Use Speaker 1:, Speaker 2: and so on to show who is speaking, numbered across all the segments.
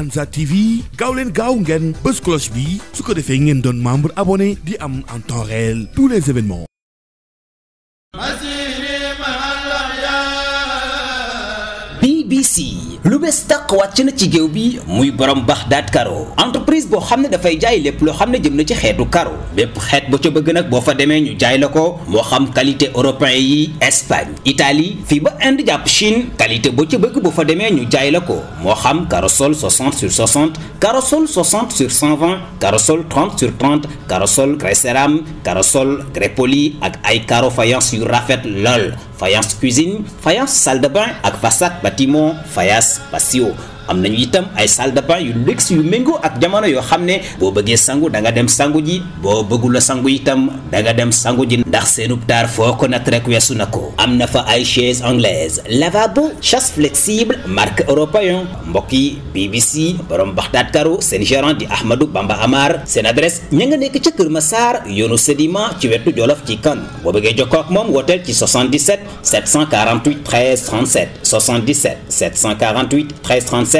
Speaker 1: Ansar TV gaaw leen gaaw ngeen bés cloche bi su ko defee ngeen doon membre abone di am en temps réel tous les événements. BBC lu bees takk wàcc na ci géew bi muy borom Baxdaat Karo entreprise boo xam ne dafay jaay lépp loo xam ne jëm na ci xeetu karo bépp xeet ba ca bëgg nag boo fa demee ñu jaay la ko moo xam qualité européen yi Espagne Italie fii ba Inde jàpp Chine qualité boo ca bëgg boo fa demee ñu jaay la ko moo xam corossol 60 sur 60 corossol 60 sur 120 corossol 30 sur 30 corossol grès cérame corossol grès poli ak ay caro faïence yu rafet lool faïence cuisine faïence salle de bain ak façade bâtiment faïence patio amna nañu itam ay salle de bain yu luxe yu méngoo ak jamono yo xam ne boo sangu da nga dem sangu ji boo la sangu itam da nga dem sangu ji ndax seenu taar foo ko nat rek wessu nako amna fa ay chaise anglaise lavabo chasse flexible marque européen mbokki BBC borom baxtaat karo seen gérant di Ahmadou Bamba Amar seen adresse ña nga nekk ci keur Massar yoonu sedima ci wetu Jolof ci kan bo bëggee jokkoo ak mom wooteel ci 77 748 13 37 77 748 13 37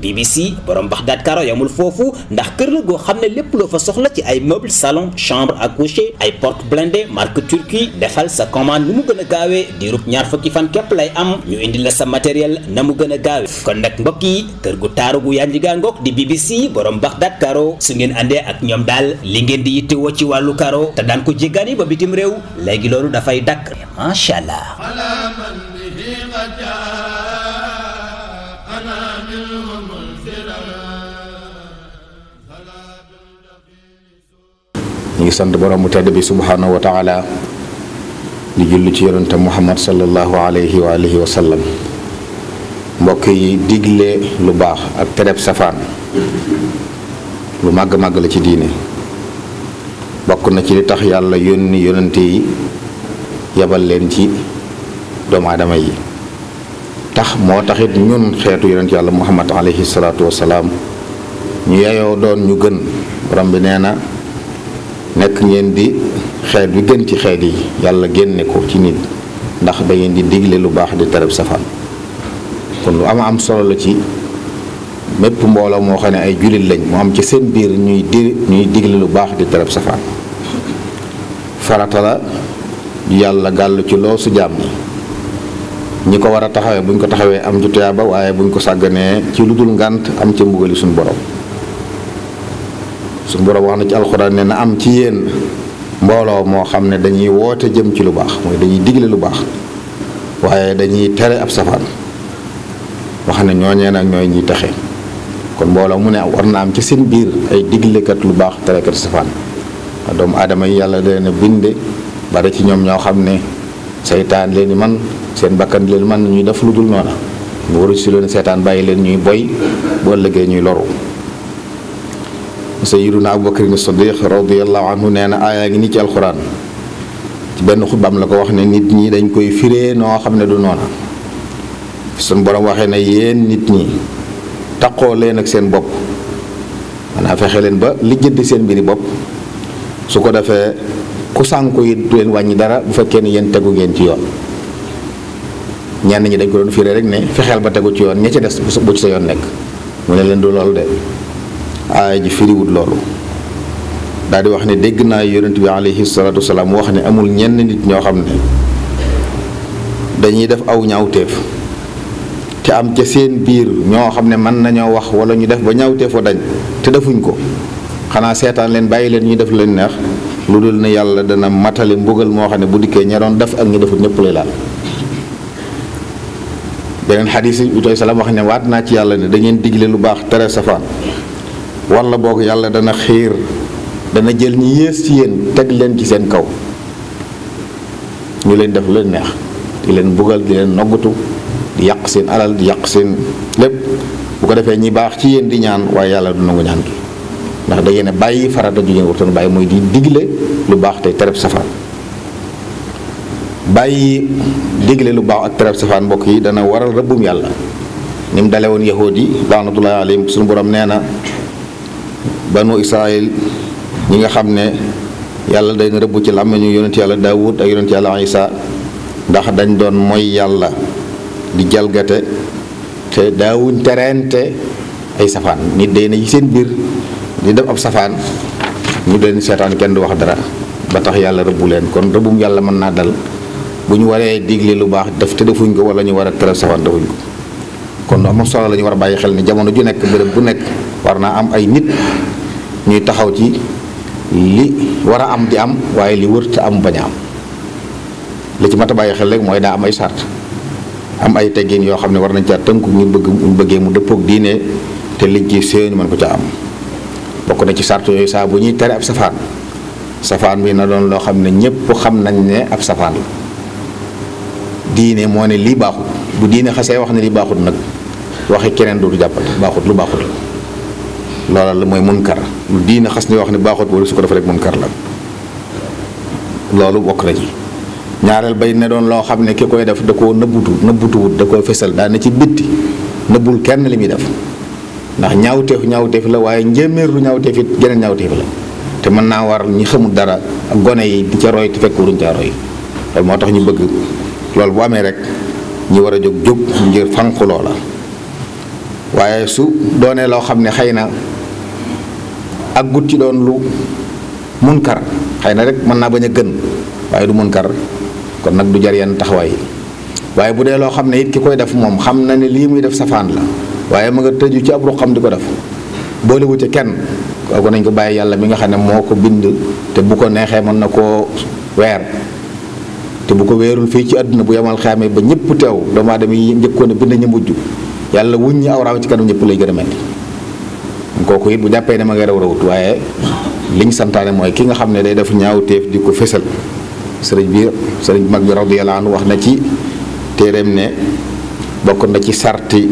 Speaker 1: BBC borom Baxdaat Karo yamul foofu ndax kër la goo xam ne lépp loo fa soxla ci ay meubles salon chambre à coucher ay porte blindées marque turquie defal sa commande nu mu gën gaawee di ñaar fukki fan képp lay am ñu indi la sa matériel na mu gën a gaawee kon nag mbokk yi kër gu taaru gu yanji gaa ngoog di BBC borom Baxdaat Karo su ngeen àndee ak ñoom daal li ngeen di yittewoo ci wàllu karo te daan ko jéggaani ba bitim réew léegi loolu dafay dakk macha allah
Speaker 2: ngi sant borom mu tedd bi subhaanahu wa taala di julli ci yonente muhammad sallallahu alayhi wa alihi wa sallam mbokk yi digle lu baax ak tereb safaan lu màgg màgg la ci diine bokk na ci li tax yàlla yónni yonente yi yabal leen ci doomu adama yi tax moo taxit ñun xeetu yonent yàlla muhammad alayhi salaatu wasalaam ñu yeyoo doon ñu gën borom bi nee na nekk ngeen di xeet bi gën ci xeet yi yàlla génne ko ci nit ndax da ngeen di digle lu baax di tereb safaan kon lu ama am solo la ci mépp mbooloo moo xam ne ay jullit lañ mu am ci seen biir ñuy di ñuy digle lu baax di tereb safaan faratala la yàlla gàll ci loo su jàmm ñi ko war a taxawee buñ ko taxawee am ci tuyaaba waaye buñ ko sàgganee ci lu dul ngànt am ci mbugali suñu borom suñu borom wax na ci alxuraan ne na am ci yéen mbooloo moo xam ne dañuy woote jëm ci lu baax mooy dañuy digle lu baax waaye dañuy tere ab safaan wax ne ñooñee nag ñooy ñu texe kon mbooloo mu ne war na am ci seen biir ay diglekat lu baax terekat safaan doomu aadama yi yàlla da leen a binde bari ci ñoom ñoo xam ne seytaan leen man seen bakkan leen man ñuy def lu dul noona bu waru si leen seetaan bàyyi leen ñuy boy boo ëllëgee ñuy loru na sayyiduna abubakrin siddiq radiyallahu anhu nee na aaya ngi nii ci alxuraan ci benn xutbaam la ko wax ne nit ñi dañ koy firee noo xam ne du noona suñ borom waxee na yéen nit ñi taqoo leen ak seen bopp naa fexe leen ba lijjanti seen mbiri bopp su ko defee ku sànku yi du leen wàññi dara bu fekkee ni yéen tegu ngeen ci yoon ñenn ñi dañ ko doon firee rek ne fexeel ba tegu ci yoon ña ci des bu ci sa yoon nekk mu ne leen du loolu de aaya ji firiwut loolu daal wax ne dégg naa yonent bi alayhi salaatu wasalaam wax ne amul ñenn nit ñoo xam ne dañuy def aw ñawteef te am ca seen biir ñoo xam ne mën nañoo wax wala ñu def ba ñaawteef wa dañ te defuñ ko xanaa seetaan leen bàyyi leen ñuy def leen neex lu dul ne yàlla dana matale mbugal moo xam ne bu dikkee ñeroon def ak ñu defut ñëpp lay laal. beneen xadis yi utooy salaam wax ne waat naa ci yàlla ne da ngeen digle lu baax tere safaan walla boog yàlla dana xiir dana jël ñi yées ci yéen teg leen ci seen kaw ñu leen def leen neex di leen bugal di leen noggatu di yàq seen alal di yàq seen lépp bu ko defee ñi baax ci yéen di ñaan waaye yàlla du nangu ñaan gi ndax da ngeen a bàyyi farata ju ngeen wartoon bàyyi mooy di digle lu baax tey tereb safaan bàyyi digle lu baax ak tereb safaan mbokk yi dana waral rëbbum yàlla ni mu dale woon yahud yi daanatullahi alayhim suñu borom nee na banu israil ñi nga xam ne yàlla day na rëbb ci làmmiñu yonent yàlla daawud ak yonent yàlla isa ndax dañ doon mooy yàlla di jalgate te daawuñ terente ay safaan nit day na yi seen biir di def ab safaan ñu leen seetaan kenn du wax dara ba tax yàlla rëbbu leen kon rëbbum yàlla mën naa dal bu ñu waree digle lu baax def te defuñ ko wala ñu war a tere safaan defuñ ko kon lu am solo la ñu war a bàyyi xel ne jamono ju nekk béréb bu nekk war naa am ay nit ñuy taxaw ci li war a am di am waaye li wër te am bañ am li ci mat a xel rek mooy daa am ay sart am ay teggin yoo xam ne war nañ caa tënku ñu bëgg ñu bëggee mu dëppoog diine te liggéey seen man ko ca am bokk na ci sart yooyu saa bu ñuy tere ab safaan safaan bi na doon loo xam ne ñëpp xam nañ ne ab safaan la diine moo ne lii baaxut bu diine xasee wax na lii baaxut nag waxi keneen du jàppal baaxut lu baaxut loola la mooy munkar lu diine xas ni wax ne baaxut wala su ko defee rek munkar la loolu bokk na ci ñaareel bay ne doon loo xam ne ki koy def da koo nëbbutu nëbbutuwut da koy fesal daa ne ci bitti nëbbul kenn li muy def ndax ñaawteef ñaawteef la waaye njéeméeru ñaawteef it geneen ñaawteef la te mën naa war ñi xamul dara ak gone yi di ca roy te fekk waruñ caa roy loolu moo tax ñu bëgg loolu bu amee rek ñu war a jóg jóg ngir fànq loola waaye su doonee loo xam ne xëy na ak gudd ci doon lu munkar xëy na rek mën naa bañ a gën waaye du munkar kon nag du jar yenn taxawaay waaye bu dee loo xam ne it ki koy def moom xam na ne lii muy def safaan la waaye ma nga tëju ci ab ruqam di ko def boolewu ca kenn kooku nañ ko bàyyi yàlla mi nga xam ne moo ko bind te bu ko neexee mën na koo weer te bu ko weerul fii ci àdduna bu yemal xaamee ba ñëpp teew doomu aadama yi njëkkoon a bind ñu mujj yàlla wuñ ñi awraaw ci kanam ñëpp lay gën a metti kooku it bu jàppee ne ma ngay raw rawut waaye liñ santaane mooy ki nga xam ne day def ñaawteef di ko fésal sëriñ bi sëriñ mag bi radiyallahu anhu wax na ci téeréem ne bokk na ci sarti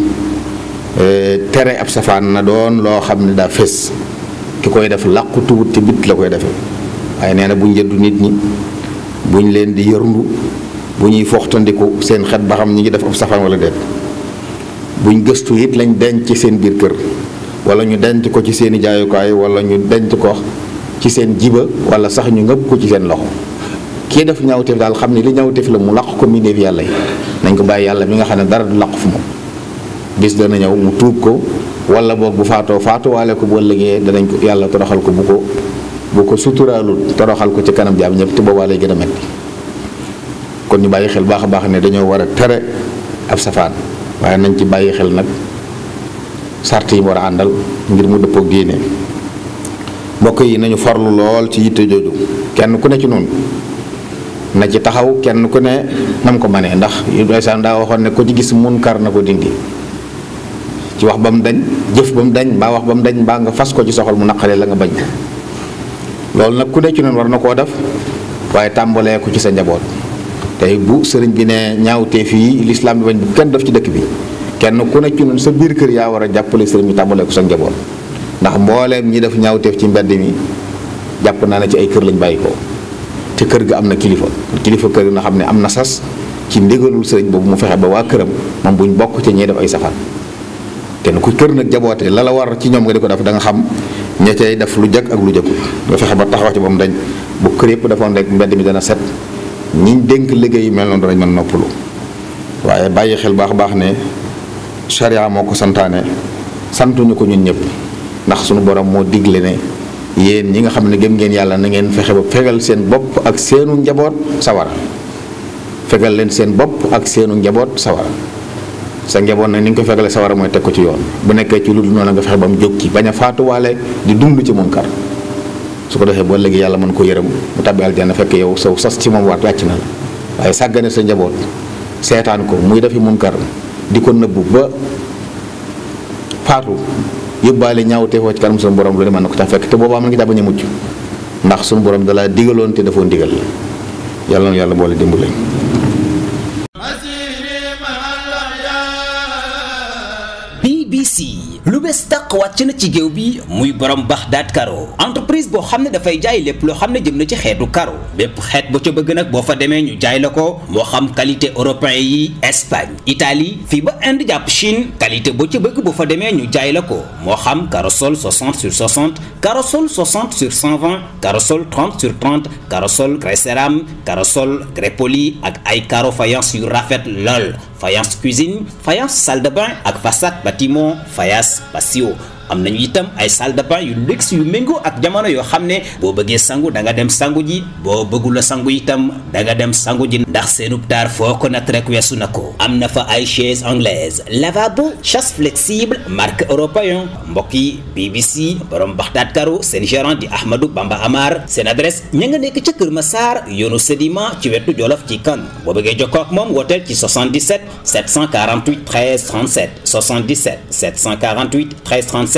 Speaker 2: e, tere ab safaan na doon loo xam ne daa fés ki koy def ci bit la koy defee waaye nee na buñ jëddu nit ñi buñ leen di yërndu bu ñuy foxtandiku seen xet ba xam ñi ngi def ab safaan wala déet buñ gëstu it lañ denc ci seen bir kër wala ñu denc ko ci seen i jaayukaay walla ñu denc ko ci seen jiba wala sax ñu ngëpp ko ci seen loxo kii def ñawteef daal xam ne li ñawteef la mu laq ko mbindéef yàlla yi nañ ko bàyyi yàlla mi nga xam ne dara du laq fu moom bis dana ñëw mu tuub ko wala boog bu faatoo faatuwaale ko bu ëllëgee danañ ko yàlla toroxal ko bu ko bu ko suturaalul toroxal ko ci kanam jaam ñëpp te boobaa lay gën a metti kon ñu bàyyi xel baax a baax ne dañoo war a tere ab safaan waaye nañ ci bàyyi xel nag sart yi mu war a àndal ngir mu dëppoo diine mbokk yi nañu farlu lol ci yitte jooju kenn ku ne ci noonu na ci taxaw kenn ku ne nam ko manee ndax ndeysaan daa waxoon ne ko ci gis munkar na ko dindi ci wax ba mu dañ jëf ba mu dañ mbaa wax ba dañ mbaa nga fas ko ci soxal mu naqalee la nga bañ ko loolu ku ne ci war na koo def waaye tàmbalee ko ci sa njaboot tey bu sëriñ bi ne ñaawteef yi lislaam bi bañ kenn def ci dëkk bi kenn ku ne sa biir kër yaa war a jàppale sëriñ bi tàmbalee ko sa njaboot ndax mbooleem ñi def ñaawteef ci mbedd mi jàpp naa ne ci ay kër lañ bàyyi ko te kër ga am na kilifa kilifa kër gi nga xam ne am na sas ci ndigalul sëriñ boobu mu fexe ba waa këram moom buñ bokk ci ñiy def ay safar kenn ku kër nag jabootee la la war ci ñoom nga di ko def da nga xam ña cay def lu jëkk ak lu jëkkul nga fexe ba taxaw ci moom dañ bu kër yëpp defoon rek mbedd mi dana set ñiñ dénk liggéey yu mel noonu danañ mën noppalu waaye bàyyi xel baax baax ne charia moo ko santaane santuñu ko ñun ñëpp ndax sunu borom moo digle ne yéen ñi nga xam ne gëm ngeen yàlla na ngeen fexe ba fegal seen bopp ak seenu njaboot sawara fegal leen seen bopp ak seenu njaboot sawara sa njaboot nag ni nga ko fegale sawara mooy teg ko ci yoon bu nekkee ci lu dul noonu nga fexe ba mu jóg ci bañ a faatuwaale di dund ci munkar su ko defee boo léegi yàlla mën ko yërëm mu tàbbi aljana fekk yow saw sas ci moom waat wàcc na la waaye sàggane sa njaboot seetaan ko muy defi munkar di ko nëbbu ba faatu yóbbaale ñaawtee foo ci kanam sunu borom lu ne mën na ko caa fekk te boobaa mën nga caa bañ a ndax sunu borom dalaa digaloon te dafoo ndigal yàlla na yàlla boole dimbali
Speaker 1: lu bees tàq wàcc na ci géew bi muy borom Baghdad Caro entreprise boo xam ne dafay jaay lépp loo xam ne jëm na ci xeetu caro bépp xeet bu ca bëgg nag boo fa demee ñu jaay la ko moo xam qualité européen yi Espagne Italie fii ba Inde jàpp Chine qualité boo ca bëgg boo fa demee ñu jaay la ko xam caro 60 sur 60 caro 60 sur 120 caro 30 sur 30 caro-sol grès cérame caro grès poli ak ay caro faïence yu rafet lool faïence cuisine faïence salle de bain ak bâtiment faïence patio amna nañu itam ay salle de bain yu luxe yu mengo ak jamono yo xam bo sangu da nga dem sangu ji boo la sangu itam da nga dem sangu ji ndax ko fa ay chaise anglaise lavabo chasse flexible marque européen mbokki BBC barom baxtaat karu seen gérant di Ahmadou Bamba Amar Senadres adresse ña nga nekk ca Kër Massar yoonu Sédima ci wetu Jolof ci kan bo ak mom ci 77 748 13 37 77 748 13 37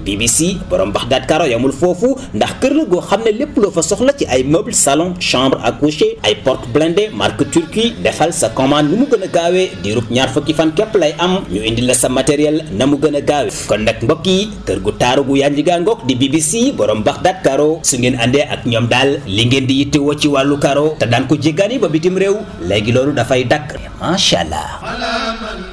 Speaker 1: BBC borom Bagdad Karo yamul foofu ndax kër la goo xam ne lépp loo fa soxla ci ay meuble salon chambre ak coucher ay porte blindée marque turquie defal sa commande nu mu gën a gaawee diirub ñaar fukki fan képp lay am ñu indi la sa matériel na mu gën a gaawee kon nag mbokk yi kër gu taaru gu yanji gaa ngoog di BBC borom Bagdad Karo su ngeen àndee ak ñoom daal li ngeen di yittewoo ci wàllu karo te daan ko jéggaani ba bitim réew léegi loolu dafay dakk macha allah